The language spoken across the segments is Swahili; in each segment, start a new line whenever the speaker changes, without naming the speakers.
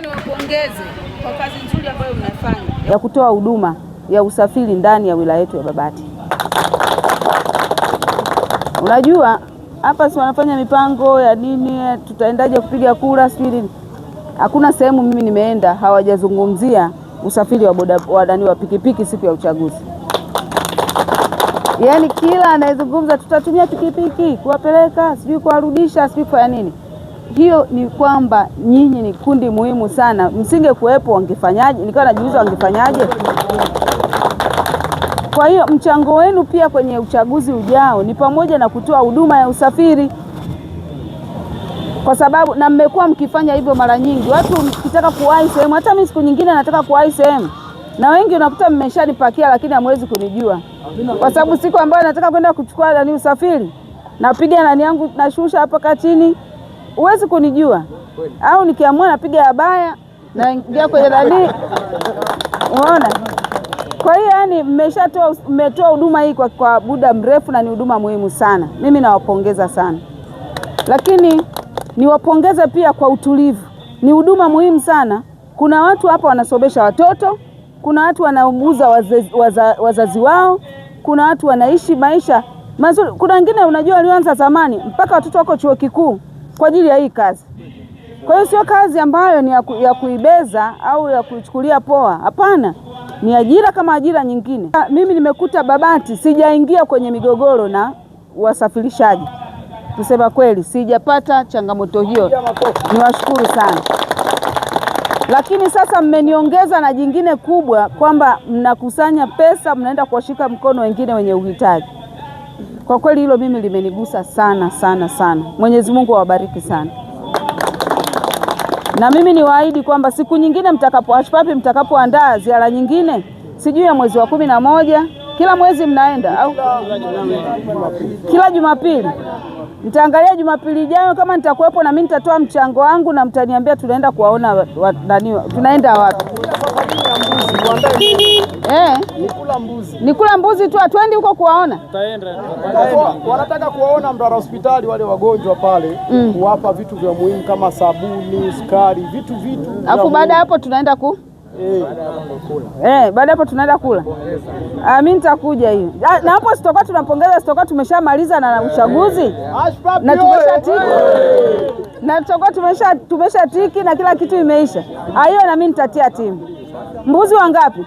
Niwapongeze kwa kazi nzuri ambayo mnafanya
ya kutoa huduma ya usafiri ndani ya wilaya yetu ya Babati. Unajua hapa si wanafanya mipango ya nini, tutaendaje kupiga kura sijui Hakuna sehemu mimi nimeenda hawajazungumzia usafiri wa boda wadani wa pikipiki siku ya uchaguzi. Yaani kila anayezungumza tutatumia pikipiki kuwapeleka, sijui kuwarudisha, sijui kwa nini hiyo ni kwamba nyinyi ni kundi muhimu sana, msinge kuwepo wangefanyaje? Nikawa najiuliza wangefanyaje? Kwa hiyo mchango wenu pia kwenye uchaguzi ujao ni pamoja na kutoa huduma ya usafiri, kwa sababu na mmekuwa mkifanya hivyo mara nyingi. Watu mkitaka kuwahi sehemu, hata mimi siku nyingine nataka kuwahi sehemu, na wengi unakuta mmeshanipakia, lakini hamwezi kunijua, kwa sababu siku ambayo nataka kwenda kuchukua nani usafiri, napiga nani yangu, nashusha hapa chini huwezi kunijua, au nikiamua napiga habaya naingia kwenye nani, unaona. Kwa hiyo yani, mmeshatoa mmetoa huduma hii kwa, kwa muda mrefu na ni huduma muhimu sana, mimi nawapongeza sana, lakini niwapongeze pia kwa utulivu. Ni huduma muhimu sana. Kuna watu hapa wanasomesha watoto, kuna watu wanauguza wazazi, waza, wazazi wao, kuna watu wanaishi maisha mazuri, kuna wengine unajua walioanza zamani mpaka watoto wako chuo kikuu kwa ajili ya hii kazi. Kwa hiyo sio kazi ambayo ni ya, ku, ya kuibeza au ya kuichukulia poa, hapana, ni ajira kama ajira nyingine. Ah, mimi nimekuta Babati, sijaingia kwenye migogoro na wasafirishaji, kusema kweli sijapata changamoto hiyo, niwashukuru sana. Lakini sasa mmeniongeza na jingine kubwa kwamba mnakusanya pesa, mnaenda kuwashika mkono wengine wenye uhitaji. Kwa kweli hilo mimi limenigusa sana sana sana. Mwenyezi Mungu awabariki sana, na mimi niwaahidi kwamba siku nyingine mtakapo Ashpapi, mtakapoandaa ziara nyingine, sijui ya mwezi wa kumi na moja, kila mwezi mnaenda au kila Jumapili? Nitaangalia Jumapili ijayo kama nitakuwepo, na mimi nitatoa mchango wangu na mtaniambia tunaenda kuwaona nani, tunaenda wapi. Eh.
Nikula mbuzi.
Nikula mbuzi tu atwendi huko kuwaona.
Tutaenda. Wanataka kuwaona mdara hospitali wale wagonjwa pale mm. kuwapa vitu vya muhimu kama sabuni, sukari, vitu vitu.
Alafu baada hapo tunaenda ku Eh, hey, eh, baada hapo tunaenda kula. Ah, mimi nitakuja hiyo. Ah, na hapo sitokuwa tunapongeza sitokuwa tumeshamaliza na uchaguzi eh. na tiki. na tutakuwa tumesha tiki na kila kitu imeisha. Ah, hiyo na mimi nitatia timu. Mbuzi wangapi?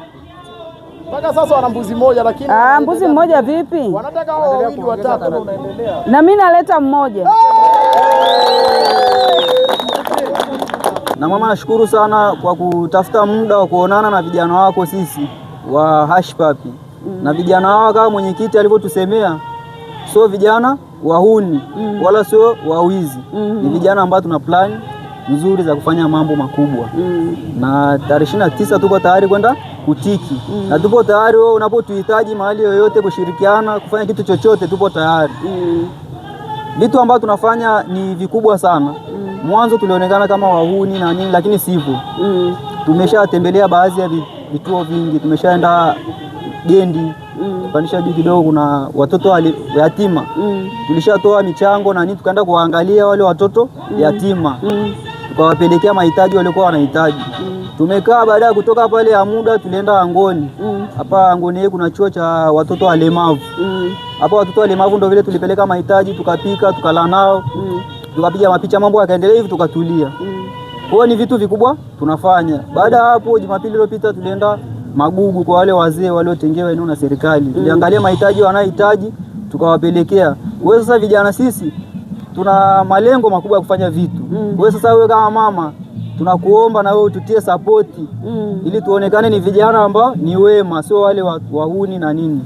Mpaka sasa wana mbuzi moja lakini
ah, mbuzi mmoja vipi? Wanataka wao wawili watatu, unaendelea. Na mimi naleta mmoja.
Na mama, nashukuru sana kwa kutafuta muda wa kuonana na vijana wako sisi wa hash mm. na vijana wao kama mwenyekiti alivyotusemea, sio vijana wahuni mm. wala sio wawizi mm. Mm-hmm. ni vijana ambao tuna plani nzuri za kufanya mambo makubwa mm. na tarehe ishirini na tisa tuko tayari kwenda kutiki mm. na tupo tayari wewe unapotuhitaji mahali yoyote, kushirikiana kufanya kitu chochote, tupo tayari mm. vitu mm. ambavyo tunafanya ni vikubwa sana mm. mwanzo tulionekana kama wahuni na nini, lakini sivyo mm. tumeshatembelea baadhi ya vituo vingi, tumeshaenda Gendi mm. pandisha juu kidogo, kuna watoto wali, yatima mm. tulishatoa michango na nini, tukaenda kuwaangalia wale watoto mm. yatima mm. tukawapelekea mahitaji waliokuwa wanahitaji mm. Tumekaa baada ya kutoka pale ya muda, tulienda Angoni mm. hapa mm. Angoni kuna chuo cha watoto walemavu mm. hapa mm. Watoto walemavu ndio vile tulipeleka mahitaji, tukapika tukala nao mm. Tukapiga mapicha, mambo yakaendelea hivi, tukatulia mm. Kwa ni vitu vikubwa tunafanya. Baada ya hapo, Jumapili iliyopita tulienda Magugu kwa wale wazee waliotengewa eneo na serikali mm. Tuliangalia mahitaji wanayohitaji tukawapelekea. Wewe sasa, vijana sisi tuna malengo makubwa ya kufanya vitu mm. Wewe sasa, wewe kama mama tunakuomba na wewe ututie sapoti mm, ili tuonekane ni vijana ambao ni wema, sio wale wahuni na nini.